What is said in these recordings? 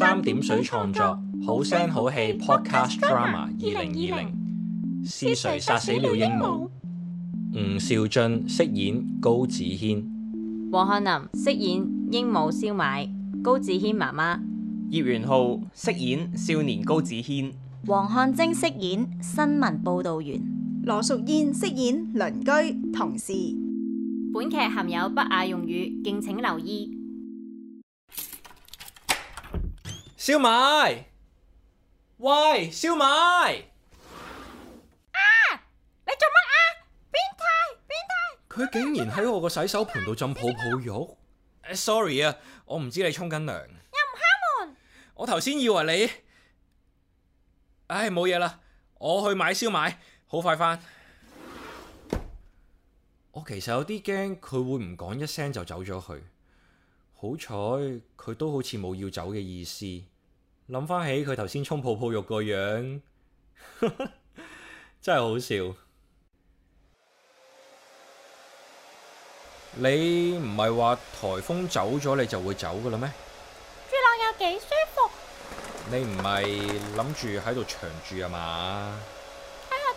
三點水創作好聲好氣 Podcast Drama 二零二零，是誰殺死了鸚鵡？吳肇俊飾演高子軒，黃翰淋飾演鸚鵡燒賣，高子軒媽媽，葉元顥飾演少年高子軒，黃翰貞飾演新聞報道員，羅淑燕飾演鄰居同事。本劇含有不雅用語，敬請留意。燒賣，喂，燒賣，啊！你做乜啊？變態，變態！佢竟然喺我個洗手盆度浸泡泡浴。Sorry 啊，啊，我唔知你沖緊涼，又唔敲門。我頭先以為你，唉，冇嘢啦。我去買燒賣，好快返。 我其實有啲驚佢會唔講一聲就走咗去。好彩佢都好似冇要走嘅意思。諗返起佢頭先沖泡泡浴個樣，真係好笑。你唔係話颱風走咗你就會走噶啦咩？住冷又幾舒服。你唔係諗住喺度長住啊嘛？睇下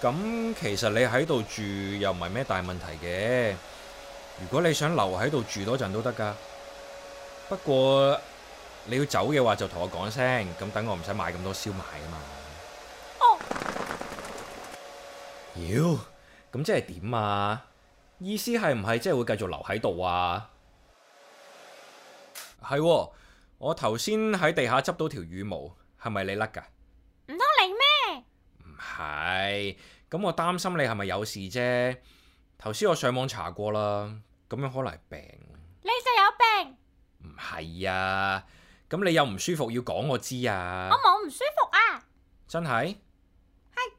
點？咁其實你喺度住又唔係咩大問題嘅。如果你想留喺度住多陣都得噶，不過。你要走嘅話就同我講聲，咁等我唔使買咁多燒賣啊嘛。哦、oh. 哎，妖，咁即係點啊？意思係唔係即係會繼續留喺度啊？係、 哦、我頭先喺地下執到條羽毛，係咪你甩噶？唔通你咩？唔係，咁我擔心你係咪有事啫？頭先我上網查過啦，咁樣可能係病。你就有病？唔係啊。咁你又唔舒服要講我知啊？我冇唔舒服啊！真係，係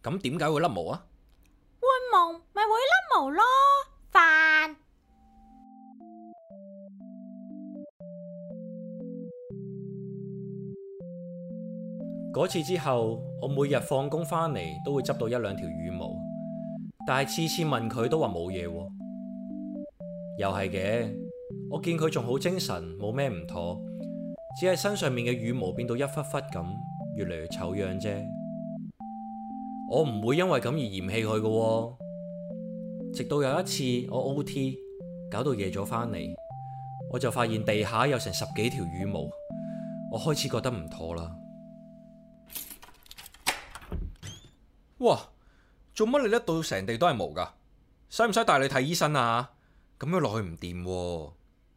咁點解會甩毛啊？換毛咪會甩毛咯，凡。嗰次之後，我每日放工返嚟都會執到一兩條羽毛，但係次次問佢都話冇嘢喎。又係嘅，我見佢仲好精神，冇咩唔妥。只係身上面嘅羽毛變到一忽忽咁，越嚟越醜樣啫。我唔會因為咁而嫌棄佢嘅。直到有一次我 O T 搞到夜咗返嚟，我就發現地下有成十幾條羽毛，我開始覺得唔妥啦。哇沒，做乜甩到成地都係毛噶？使唔使帶你睇醫生啊？咁樣落去唔掂喎。我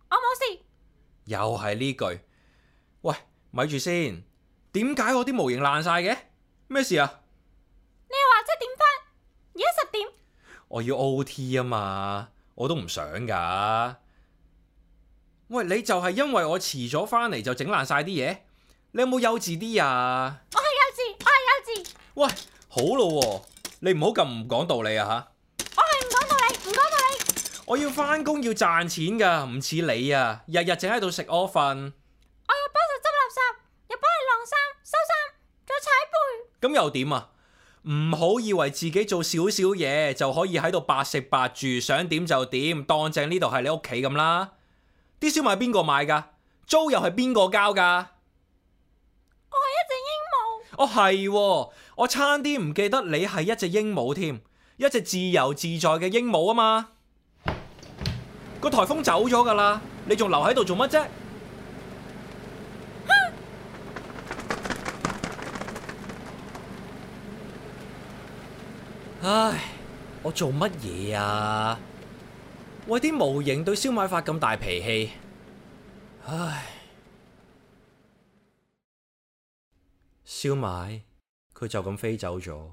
冇沒事，又係呢句。喂，咪住先，點解我啲模型爛晒嘅？咩事啊？你又話七點翻？而家十點，我要 OT 啊嘛，我都唔想噶。喂，你就係因為我遲咗翻嚟就整爛晒啲嘢？你有冇幼稚啲啊？我係幼稚，我係幼稚。喂，好咯喎，你唔好咁唔講道理啊吓。我係唔講道理，唔講道理。我要翻工要賺錢噶，唔似你啊，日日淨喺度食屙瞓。咁又點啊？唔好以為自己做少少嘢就可以喺度白食白住，想點就點，當正呢度係你屋企咁啦。啲燒賣邊個買噶？租又係邊個交噶？我係一隻鸚鵡。哦，係喎，我差啲唔記得你係一隻鸚鵡添，一隻自由自在嘅鸚鵡啊嘛。個颱風走咗噶啦，你仲留喺度做乜啫？唉，我做乜嘢啊？為啲模型對燒賣發咁大脾氣。唉，燒賣佢就咁飛走咗。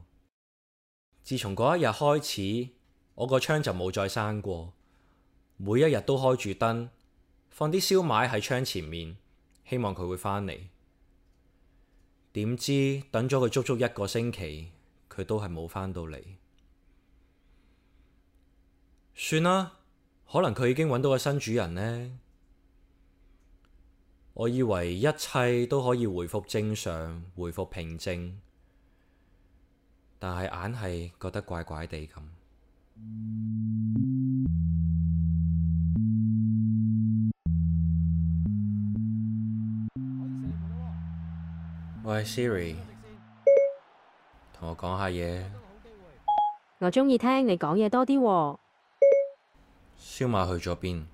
自從嗰一日開始，我個窗就冇再閂過，每一日都開住燈，放啲燒賣喺窗前面，希望佢會返嚟。點知等咗佢足足一個星期。佢都係冇返到嚟，算啦，可能佢已經揾到個新主人呢。我以為一切都可以回復正常，回復平靜，但係硬係覺得怪怪地咁。 喂，Siri。我講下嘢，我鍾意聽你講嘢多啲喎。燒賣去咗邊？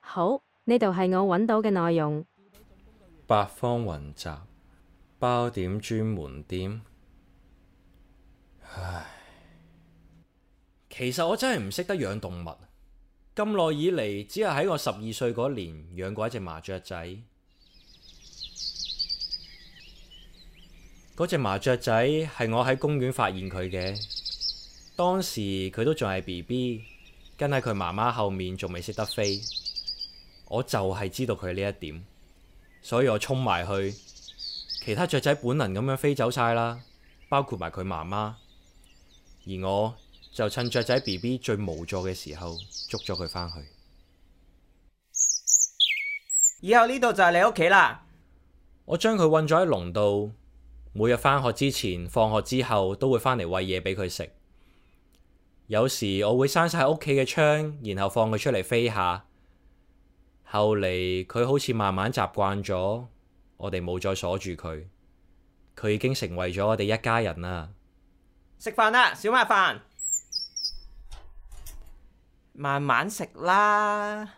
好，呢度係我揾到嘅內容。八方雲集包點專門店。唉，其實我真係唔識得養動物。咁耐以嚟，只係喺我十二歲嗰年養過一隻麻雀仔。嗰隻麻雀仔係我喺公園發現佢嘅，當時佢都仲係 B B，跟喺佢媽媽後面，仲未識得飛。我就係知道佢呢一點，所以我衝埋去，其他雀仔本能咁樣飛走晒啦，包括埋佢媽媽，而我就趁雀仔 B B 最無助嘅時候捉咗佢返去。以後呢度就係你屋企啦，我將佢困咗喺籠度。每日返學之前、放學之後都會返嚟餵嘢俾佢食。有時我會閂晒屋企嘅窗，然後放佢出嚟飛下。後嚟佢好似慢慢習慣咗，我哋冇再鎖住佢，佢已經成為咗我哋一家人啦。食飯啦，小麻煩，慢慢食啦。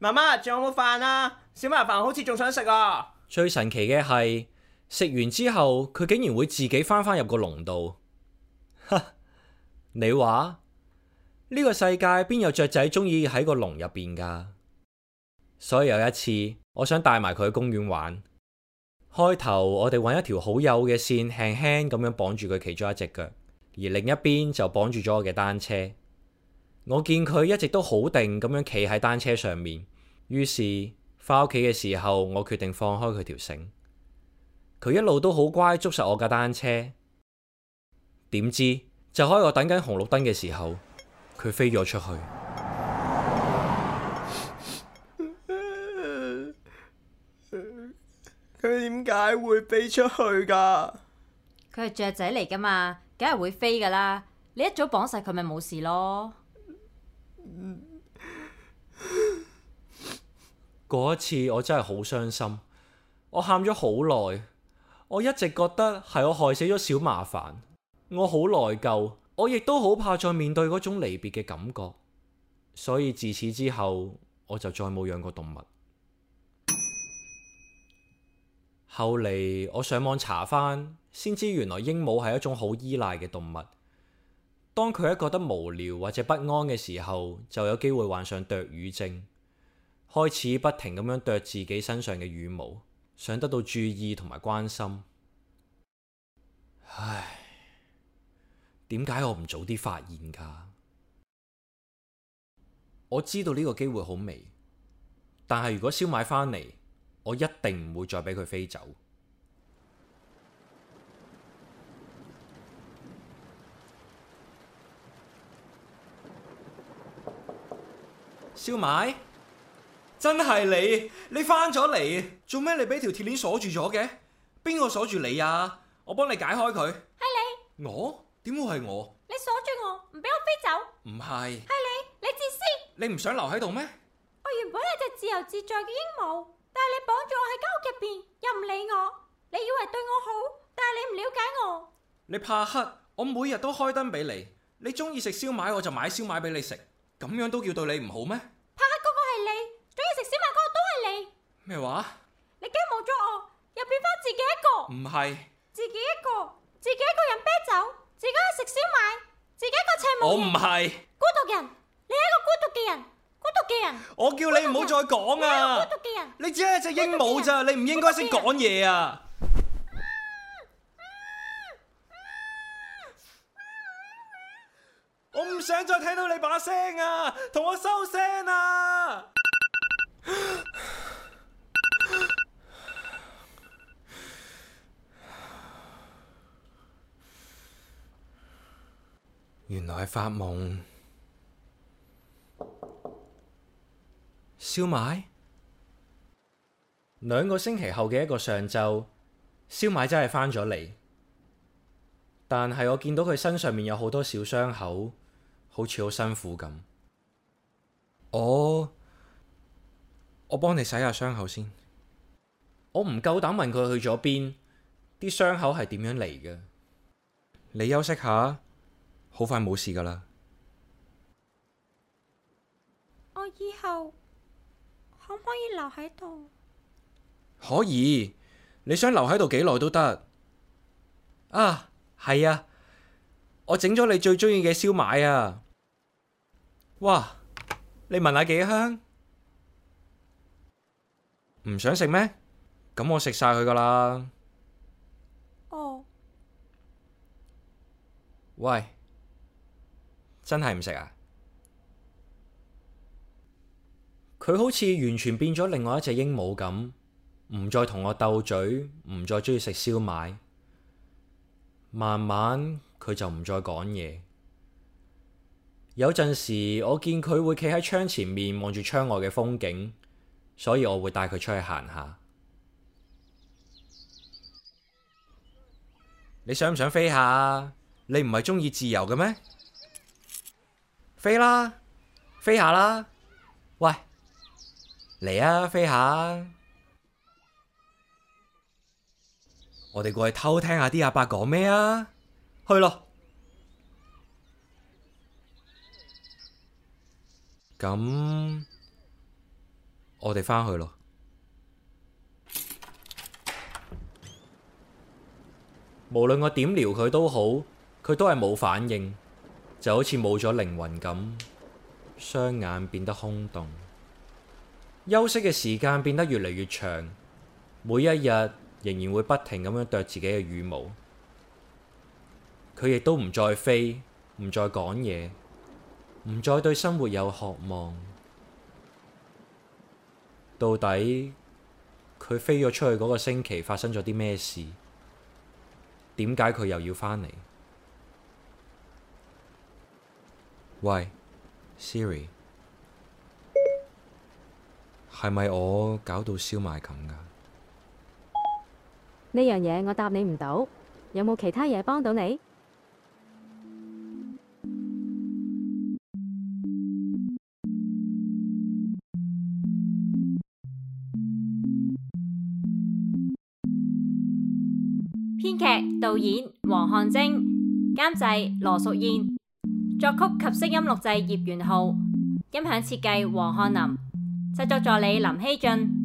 媽媽仲有冇飯，飯啊？小麻煩好似仲想食啊。最神奇嘅係。食完之後，佢竟然會自己返返入個籠度。哈，你話呢個世界邊有雀仔中意喺個籠入邊噶？所以有一次，我想帶埋佢去公園玩。開頭我哋揾一條好幼嘅線，輕輕咁樣綁住佢其中一隻腳，而另一邊就綁住咗我嘅單車。我見佢一直都好定咁樣企喺單車上面，於是返屋企嘅時候，我決定放開佢條繩。佢一路都好乖，捉實我架單車。點知就喺我等緊紅綠燈嘅時候，佢飛咗出去。佢點解會飛出去噶？佢係雀仔嚟噶嘛，梗係會飛噶啦。你一早綁實佢，咪冇事咯。嗰 一次我真係好傷心，我喊咗好耐。我一直覺得係我害死咗小麻煩，我好內疚，我亦都好怕再面對嗰種離別嘅感覺，所以自此之後我就再冇養過動物。 後嚟我上網查翻，先知原來鸚鵡係一種好依賴嘅動物，當佢喺覺得無聊或者不安嘅時候，就有機會患上啄羽症，開始不停咁樣啄自己身上嘅羽毛。想得到注意同埋關心，唉，點解我唔早啲發現噶？我知道呢個機會好微，但係如果燒賣返嚟，我一定唔會再俾佢飛走。燒賣。真係你？你翻咗嚟？做咩？你俾條鐵鏈鎖住咗嘅？邊個鎖住你啊？我幫你解開佢。係你。我？點會係我？你鎖住我，唔俾我飛走。唔係。係你，你自私。你唔想留喺度咩？我原本係隻自由自在嘅鸚鵡，但係你綁住我喺監獄入邊，又唔理我。你以為對我好，但係你唔了解我。你怕黑，我每日都開燈俾你。你中意食燒賣，我就買燒賣俾你食。咁樣都叫對你唔好咩？咩話？你驚冇咗我，又變翻自己一個？唔係，自己一個，自己一個飲啤酒，自己去食燒賣，自己一個赤毛。我唔係孤獨人，你係一個孤獨嘅人，孤獨嘅人。我叫你唔好再講啊！孤獨嘅人，你只係一隻鸚鵡咋？你唔應該識講嘢啊！我唔想再聽到你把聲啊！同我收聲啊！原來係發夢。燒賣？兩個星期後嘅一個上晝，燒賣真係返咗嚟。但係我見到佢身上面有好多小傷口，好似好辛苦咁。我我幫你洗下傷口先。我唔夠膽問佢去咗邊，啲傷口係點樣嚟嘅？你休息下。好快冇事噶啦！我以後可唔可以留喺度？可以，你想留喺度幾耐都得。啊，係啊！我整咗你最鍾意嘅燒賣啊！哇，你聞下幾香？唔想食咩？咁我食晒佢噶啦。哦。喂。真係唔食呀？佢好似完全變咗另外一隻鸚鵡咁，唔再同我鬥嘴，唔再鍾意食燒賣。慢慢佢就唔再講嘢。有陣時我見佢會企喺窗前面望住窗外嘅風景，所以我會帶佢出去行下。你想唔想飛下？你唔係鍾意自由嘅咩？飛啦，飛下啦，喂，嚟啊，飛下，我哋過去偷聽下啲阿伯講咩啊，去咯，咁我哋翻去咯。無論我點撩佢都好，佢都係冇反應。就好似冇咗靈魂咁，雙眼變得空洞，休息嘅時間變得越嚟越長，每一日仍然會不停咁樣啄自己嘅羽毛。佢亦都唔再飛，唔再講嘢，唔再對生活有渴望。到底佢飛咗出去嗰個星期發生咗啲咩事？點解佢又要返嚟？喂，Siri，係咪我搞到燒賣噉㗎？呢樣嘢我答你唔到，有冇其他嘢幫到你？編劇、導演黃翰貞，監制羅淑燕。作曲及聲音錄製葉元顥，音響設計黃翰淋，製作助理林熙俊。